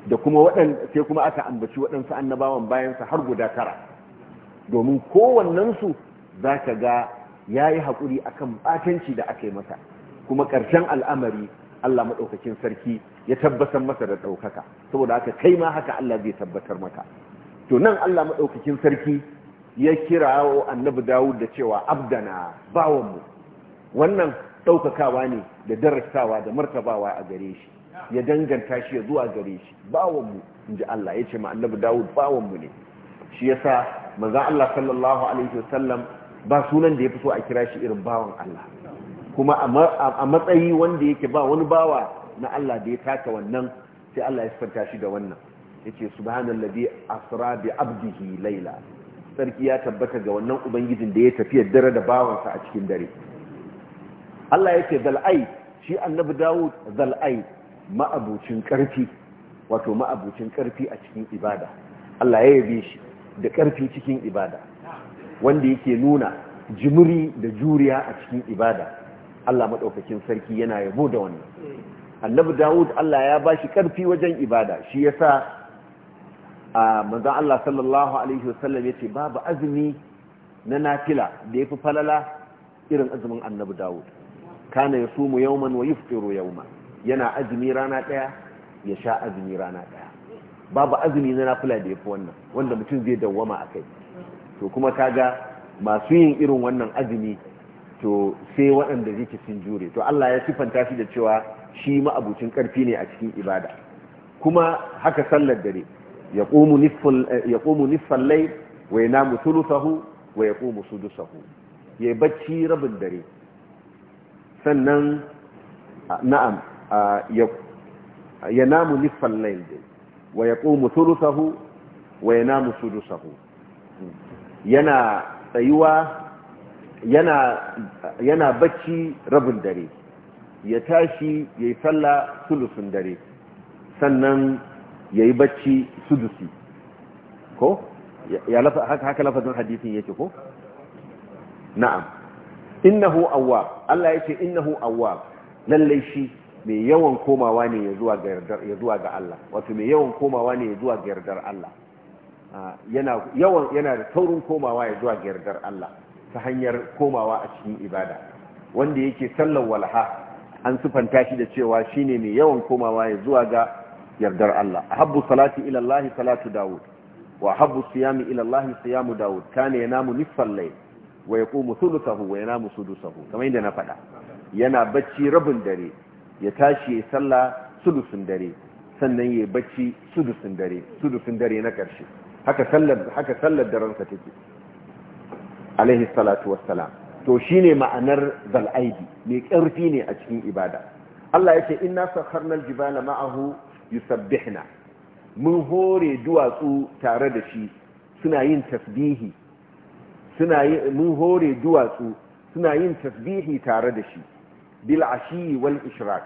da kuma waɗanda sai kuma aka ambaci waɗansu annabawan bayansa har guda tara domin kowannensu za ka ga ya yi haƙuri akan batanci da aka yi masa kuma ƙarshen al'amari Allah maɗaukakin sarki ya tabbatar masa da ɗaukaka saboda haka kai ma haka Allah zai tabbatar maka to nan Allah maɗaukakin sarki ya kira wa annabi Dawud da cewa abdana bawanmu wannan ɗaukakawa ne da darasawa da martabawa a gare shi ya danganta shi ya zuwa gare shi bawanmu in ji Allah ya ce ma annabi Dawud bawanmu ne shi yasa maza Allah sallallahu alaihi wasallam ba sunan da ya fi so a kira shi irin bawan Allah kuma a matsayi wanda yake ba wani bawa na Allah da ya taka wannan sai Allah ya sifanta shi da wannan yace subhanallazi asra bi abdihi layla sarki ya tabbata ga wannan ubangijin da ya tafi dare da bawansa a cikin dare Allah yake zal'ai shi annabi Dawud zal'ai ma'abucin karfi wato ma'abucin karfi a cikin ibada Allah ya yabe shi da karfi cikin ibada wanda yake nuna jimiri da juriya a cikin ibada Allah maɗaukakin sarki yana yabo da wannan annabi dawud Allah ya ba shi ƙarfi wajen ibada shi ya sa a manzan Allah sallallahu alaihi wasallam ya ce babu azumi na nafila da ya fi falala irin azumin annabi dawud kana ya sumu yauman wa yuftiru yauma yana azumi rana ɗaya ya sha azumi rana ɗaya babu azumi na nafila da ya fi wannan wanda mutum zai dawwama a kai to kuma kaga masu yin irin wannan azumi to sai waɗanda zai sun jure to Allah ya sifanta shi da cewa shi ma'abucin ƙarfi ne a cikin ibada kuma haka sallar dare ya ƙomu nisfan lai wa ya namu sahu, wa ya ƙomu sahu, ya bacci rabin dare sannan na'am ya namu nisfan lai wa ya ƙomu sahu, wa ya namu sahu, yana tsayuwa yana bacci rabin dare ya tashi ya yi sallah sulusun dare sannan ya yi bacci sudusi ko haka lafazin hadisin yake ko na'am innahu awwab Allah yace innahu awwab lalle shi mai yawan komawa ne ya zuwa ga ya zuwa ga Allah wato mai yawan komawa ne ya zuwa ga yardar Allah ah, yana yawan yana da taurin komawa ya zuwa ga yardar Allah ta hanyar komawa a cikin ibada wanda yake sallar walha an sufanta shi da cewa shine mai yawan komawa ya zuwa ga yardar Allah habbu salati ila Allah salatu Dawud wa habbu siyami ila Allah siyamu Dawud kana yanamu nisfal layl wa yaqumu thuluthahu wa yanamu sudusahu kamar yadda na faɗa yana bacci rabin dare ya tashi ya sallah sudusun dare sannan ya bacci sudusun dare sudusun dare na ƙarshe haka sallar haka sallar daren sa take alaihi salatu wassalam to shine ma'anar zal'aidi mai ƙarfi ne a cikin ibada Allah ya ce inna sakharnal jibala ma'ahu yusabbihna mun hore duwatsu tare da shi suna yin tasbihi suna mun hore duwatsu suna yin tasbihi tare da shi bil ashi wal ishraq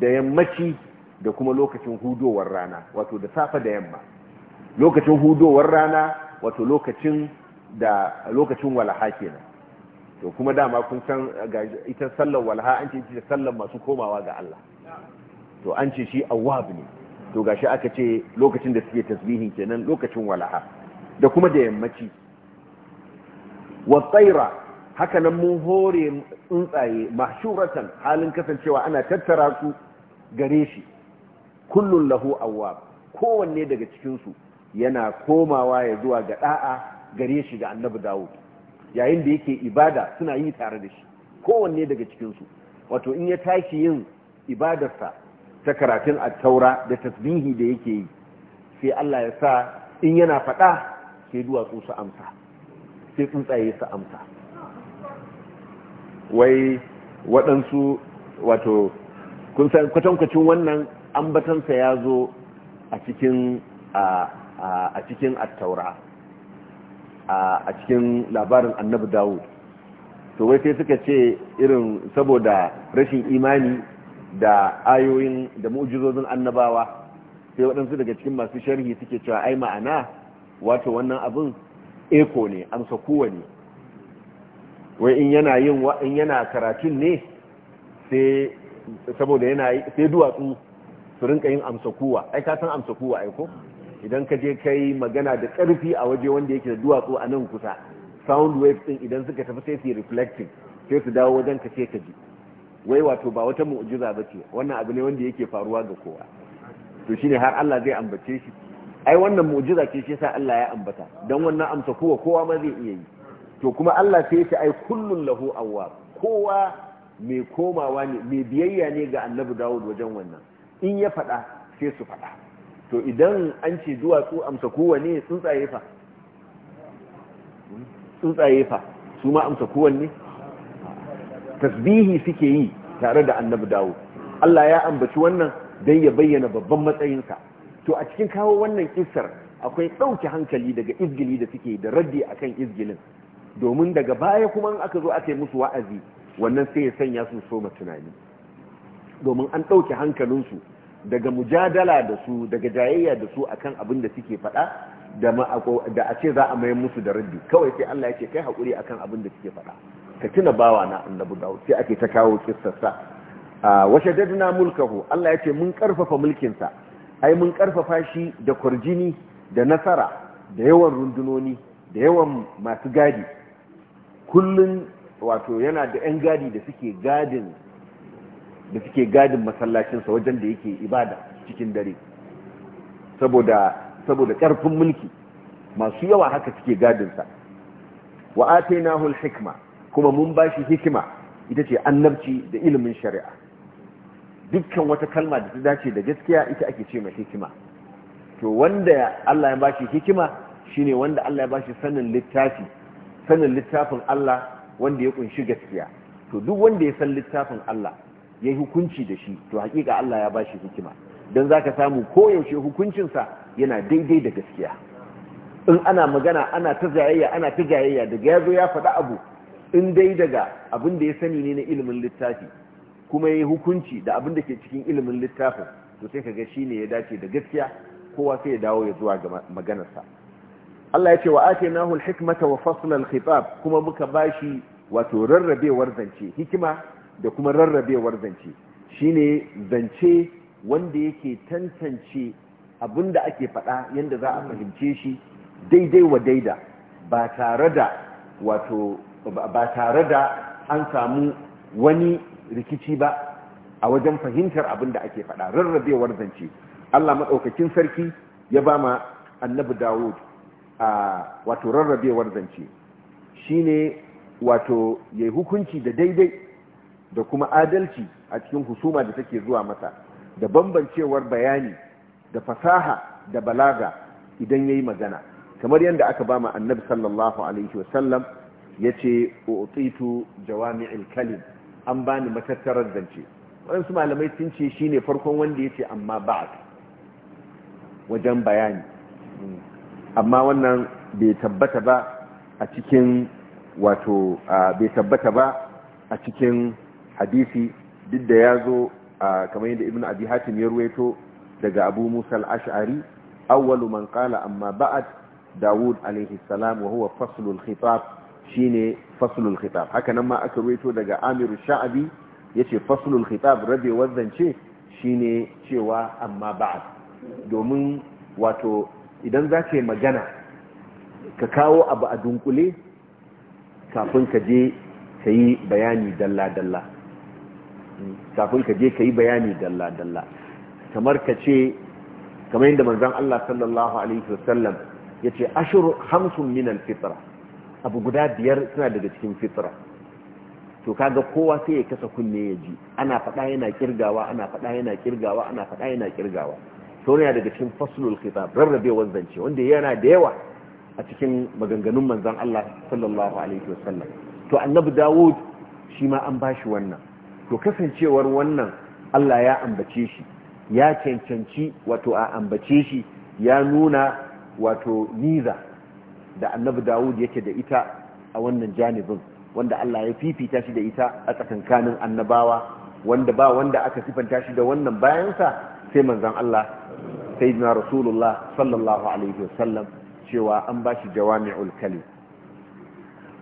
da yammaci da kuma lokacin hudowar rana wato da safa da yamma lokacin hudowar rana wato lokacin da lokacin walaha kenan to kuma dama kun san ita sallar walaha an ce ita sallar masu komawa ga Allah to an ce shi awwab ne to gashi aka ce lokacin da suke tasbihin kenan lokacin walaha da kuma da yammaci wa tsaira haka nan mun hore tsuntsaye mashuratan halin kasancewa ana tattara su gare shi kullun lahu awwab kowanne daga cikin su yana komawa ya zuwa ga da'a gare shi ga annabi dawo yayin da yake ibada suna yi tare da shi kowanne daga cikinsu wato in ya tashi yin ibadarsa ta karatun a taura da tasbihi da yake yi sai Allah ya sa in yana faɗa sai duwatsu su amsa sai tsuntsaye su amsa wai waɗansu wato kwatankwacin wannan ambatansa ya zo a cikin a cikin attaura a cikin labarin annabi dawud to wai sai suka ce irin saboda rashin imani da ayoyin da mu'jizozin annabawa sai waɗansu daga cikin masu sharhi suke cewa ai ma'ana wato wannan abin eko ne amsa kuwa ne wai in yana yin in yana karatun ne sai saboda yana sai duwatsu su rinka yin amsa kuwa ai ka san amsa kuwa ai ko idan ka je kai magana da ƙarfi a waje wanda yake da duwatsu a nan kusa sound waves din idan suka tafi sai su reflecting sai su dawo wajen ka ce ka ji wai wato ba wata mu'jiza ba ce wannan abu ne wanda yake faruwa ga kowa to shine har Allah zai ambace shi ai wannan mu'jiza ce shi yasa Allah ya ambata dan wannan amsa kowa kowa ma zai iya yi to kuma Allah sai ya ai kullun lahu awwab kowa mai komawa ne mai biyayya ne ga Annabi Dawud wajen wannan in ya faɗa sai su faɗa to idan an ce duwatsu amsa kowane tsuntsaye fa tsuntsaye fa su ma amsa kowanne tasbihi suke yi tare da annabi dawo Allah ya ambaci wannan don ya bayyana babban matsayinsa to a cikin kawo wannan kissar akwai ɗauki hankali daga izgili da suke da raddi akan izgilin domin daga baya kuma aka zo aka yi musu wa'azi wannan sai ya sanya su soma tunani domin an ɗauke hankalinsu daga mujadala da su daga jayayya da su akan abin da suke faɗa da a ce za a mayan musu da raddi kawai sai Allah yake kai hakuri akan abin da suke faɗa ka tuna bawa na annabi Dawud sai ake ta kawo sa wa shaddadna mulkahu Allah yake mun karfafa mulkin sa ai mun karfafa shi da kurjini da nasara da yawan rundunoni da yawan masu gadi kullun wato yana da 'yan gadi da suke gadin da suke gadin masallacinsa wajen da yake ibada cikin dare saboda saboda ƙarfin mulki masu yawa haka suke gadinsa wa atainahu al-hikma kuma mun bashi hikima ita ce annabci da ilimin shari'a dukkan wata kalma da ta dace da gaskiya ita ake ce mai hikima to wanda Allah ya bashi hikima shine wanda Allah ya bashi sanin littafi sanin littafin Allah wanda ya kunshi gaskiya to duk wanda ya san littafin Allah ya hukunci da shi to hakika Allah ya bashi hikima don za ka samu koyaushe hukuncinsa yana daidai da gaskiya in ana magana ana ta jayayya ana ta jayayya daga ya zo ya faɗa abu in dai daga abin da ya sani ne na ilimin littafi kuma ya yi hukunci da abin da ke cikin ilimin littafin to sai ka ga shi ne ya dace da gaskiya kowa sai ya dawo ya zuwa ga maganarsa Allah ya ce wa ake nahul hikmata wa faslal kuma muka bashi wato rarrabewar zance hikima da kuma rarrabewar zance shine zance wanda yake tantance da ake faɗa yadda za a fahimce shi daidai wa daida ba tare da an samu wani rikici ba a wajen fahimtar abinda ake faɗa rarrabewar zance Allah maɗaukakin sarki ya ba ma annabi Dawud a wato rarrabewar zance shine wato yayi hukunci da daidai da kuma adalci a cikin husuma da take zuwa masa da bambancewar bayani da fasaha da balaga idan yayi magana kamar yadda aka ba mu annabi sallallahu alaihi wasallam yace utitu jawami'il kalim an bani matattarar zance waɗansu malamai sun ce shine farkon wanda yace amma ba'd wajen bayani amma wannan bai tabbata ba a cikin wato bai tabbata ba a cikin hadisi duk da ya zo a kamar yadda ibn abi hatim ya ruwaito daga abu musa al-ash'ari awwalu man qala amma ba'ad dawud alayhi salam wa huwa faslul khitab shine faslul khitab haka nan ma aka ruwaito daga amiru sha'abi yace faslul khitab rabe wazance shine cewa amma ba'ad domin wato idan zaka yi magana ka kawo abu a dunkule kafin ka je ka yi bayani dalla-dalla kafin ka je ka yi bayani dalla dalla kamar ka ce kamar yadda manzon Allah sallallahu alaihi wasallam yace ashur hamsun min alfitra abu guda biyar suna daga cikin fitra to kaga kowa sai ya kasa kunne ya ji ana faɗa yana kirgawa ana faɗa yana kirgawa ana faɗa yana kirgawa to ne daga cikin faslul khitab rarrabewar zance wanda yana da yawa a cikin maganganun manzon Allah sallallahu alaihi wasallam to annabi Dawud shi ma an bashi wannan to kasancewar wannan Allah ya ambace shi ya cancanci wato a ambace shi ya nuna wato niza da annabi dawud yake da ita a wannan janibin wanda Allah ya fifita shi da ita a tsakankanin annabawa wanda ba wanda aka sifanta shi da wannan bayansa sai manzon Allah na rasulullah sallallahu alaihi wasallam cewa an bashi jawami'ul kalim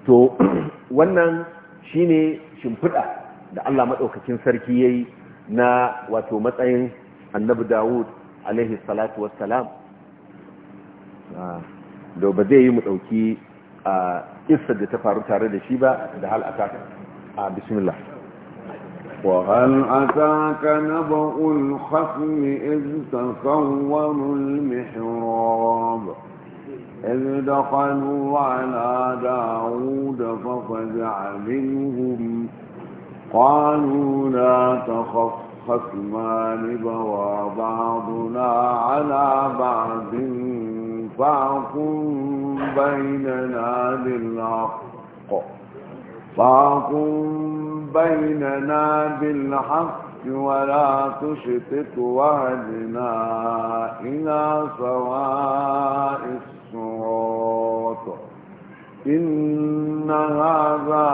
to wannan shine shimfiɗa da Allah maɗaukakin sarki ya yi na wato matsayin annabi dawud alaihi salatu wassalam da ah, ba zai yi mu ɗauki a da ta faru tare da shi ba da hal ataka a bismillah وهل أتاك نبأ الخصم إذ تصوروا المحراب إذ دخلوا على داود ففزع منهم قالوا لا تخف خصمان بغى بعضنا على بعض فاحكم بيننا بالحق فاقم بيننا بالحق ولا تشتت وهدنا إلى سواء الصراط إن هذا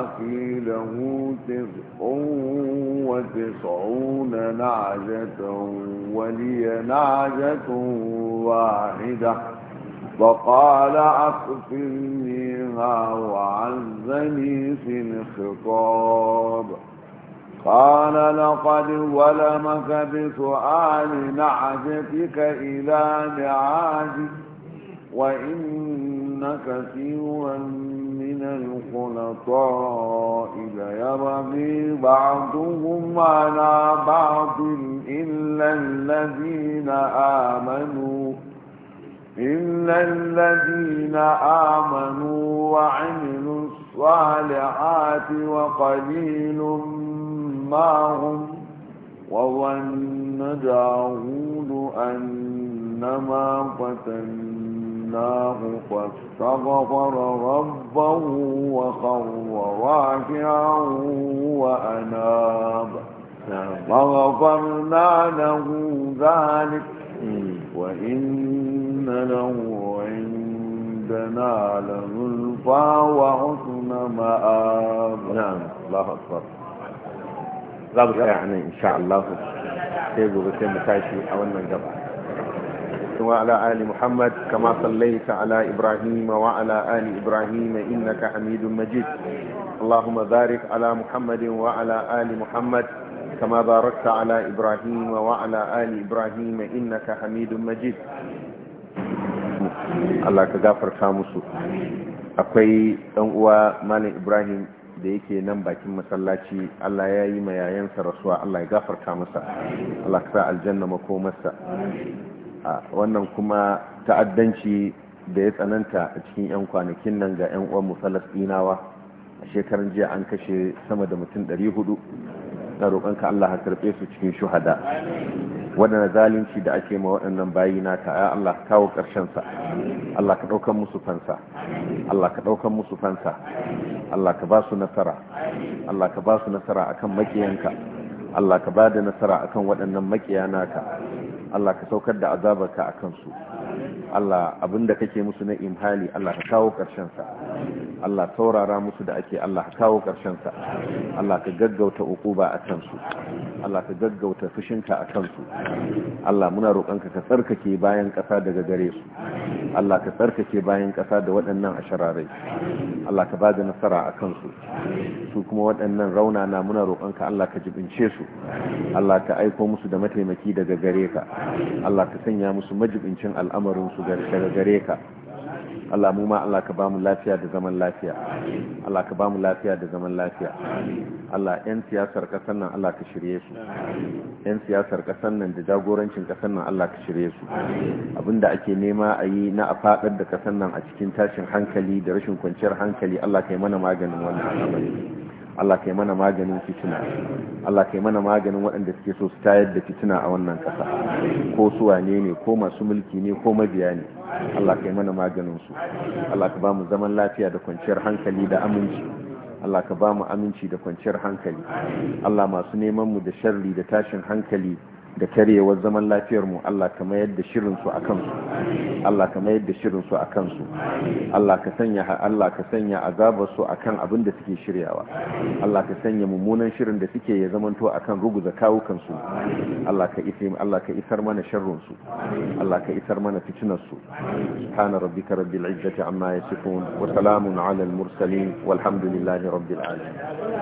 أخي له تسع وتسعون نعجة ولي نعجة واحدة فقال أكفلنيها وعزني في الخطاب قال لقد ولمك بسؤال نعجتك إلى نعاجك وإن إن كثيرا من الخلطاء ليبغي بعضهم على بعض إلا الذين آمنوا إلا الذين آمنوا وعملوا الصالحات وقليل ما هم وظن داود أنما فتنوا الله فاستغفر ربه وخر راكعا وأناب فغفرنا له ذلك وإن له عندنا لزلفى وحسن مآب نعم الله أكبر لا بس يعني إن شاء الله تيجوا بس sai تعيشوا tashi a وعلى آل محمد كما صليت على إبراهيم وعلى آل إبراهيم إنك حميد مجيد اللهم بارك على محمد وعلى آل محمد كما باركت على إبراهيم وعلى آل إبراهيم إنك حميد مجيد الله كغفر خامسه akwai ɗan uwa malam ibrahim da yake nan bakin masallaci Allah ya yi ma yayansa rasuwa Allah ya gafarta masa Allah ka sa aljanna makomarsa wannan kuma ta'addanci da ya tsananta a cikin 'yan kwanakin nan ga 'yan uwan dinawa a shekarun jiya an kashe sama da mutum 400 na ka Allah ka karɓe su cikin shuhada waɗanda zalunci da ake ma waɗannan bayi na ya Allah kawo ƙarshensa Allah ka ɗaukan musu fansa Allah ka ɗaukan musu fansa Allah ka ba su nasara Allah ka ba su nasara akan makiyanka Allah ka ba da nasara akan waɗannan makiya naka Allah ka saukar da azabarka a kansu Allah abinda kake musu na imhali Allah ka kawo ƙarshensa Allah saurara musu da ake Allah kawo ƙarshensa Allah ka gaggauta ukuba a kansu Allah ka gaggauta fushinka a kansu Allah muna roƙonka ka tsarkake bayan ƙasa daga gare su Allah ka tsarkake bayan ƙasa da waɗannan ashararai Allah ka ba nasara a kansu su kuma waɗannan rauna na muna roƙonka Allah ka jibince su Allah ka aiko musu da mataimaki daga gare ka Allah ka sanya musu majibincin al'amarin su daga gare ka Allah mu ma Allah ka ba mu lafiya da zaman lafiya Allah ka ba mu lafiya da zaman lafiya Allah yan siyasar ƙasar nan Allah ka shirye su yan siyasar ƙasar nan da jagorancin ƙasar nan Allah ka shirye su da ake nema a yi na a faɗar da ƙasar nan a cikin tashin hankali da rashin kwanciyar hankali Allah ka yi mana maganin wannan al'amari Allah kai mana maganin fitina Allah kai mana maganin waɗanda suke so su tayar da fitina a wannan ƙasa ko su wane ne ko masu mulki ne ko mabiya ne Allah kai mana maganin su Allah ka ba mu zaman lafiya da kwanciyar hankali da aminci Allah ka ba mu aminci da kwanciyar hankali Allah masu neman mu da sharri da tashin hankali da karyewar zaman lafiyarmu Allah ka mayar da shirinsu a kansu Allah ka mayar da shirinsu a kansu Allah ka sanya Allah ka sanya azabarsu akan abin da suke shiryawa Allah ka sanya mummunan shirin da suke ya zamanto akan ruguza kawukansu Allah ka isar Allah ka isar mana sharrinsu Allah ka isar mana fitinarsu subhana rabbika rabbil izzati amma yasifun wa salamun ala al mursalin walhamdulillahi rabbil alamin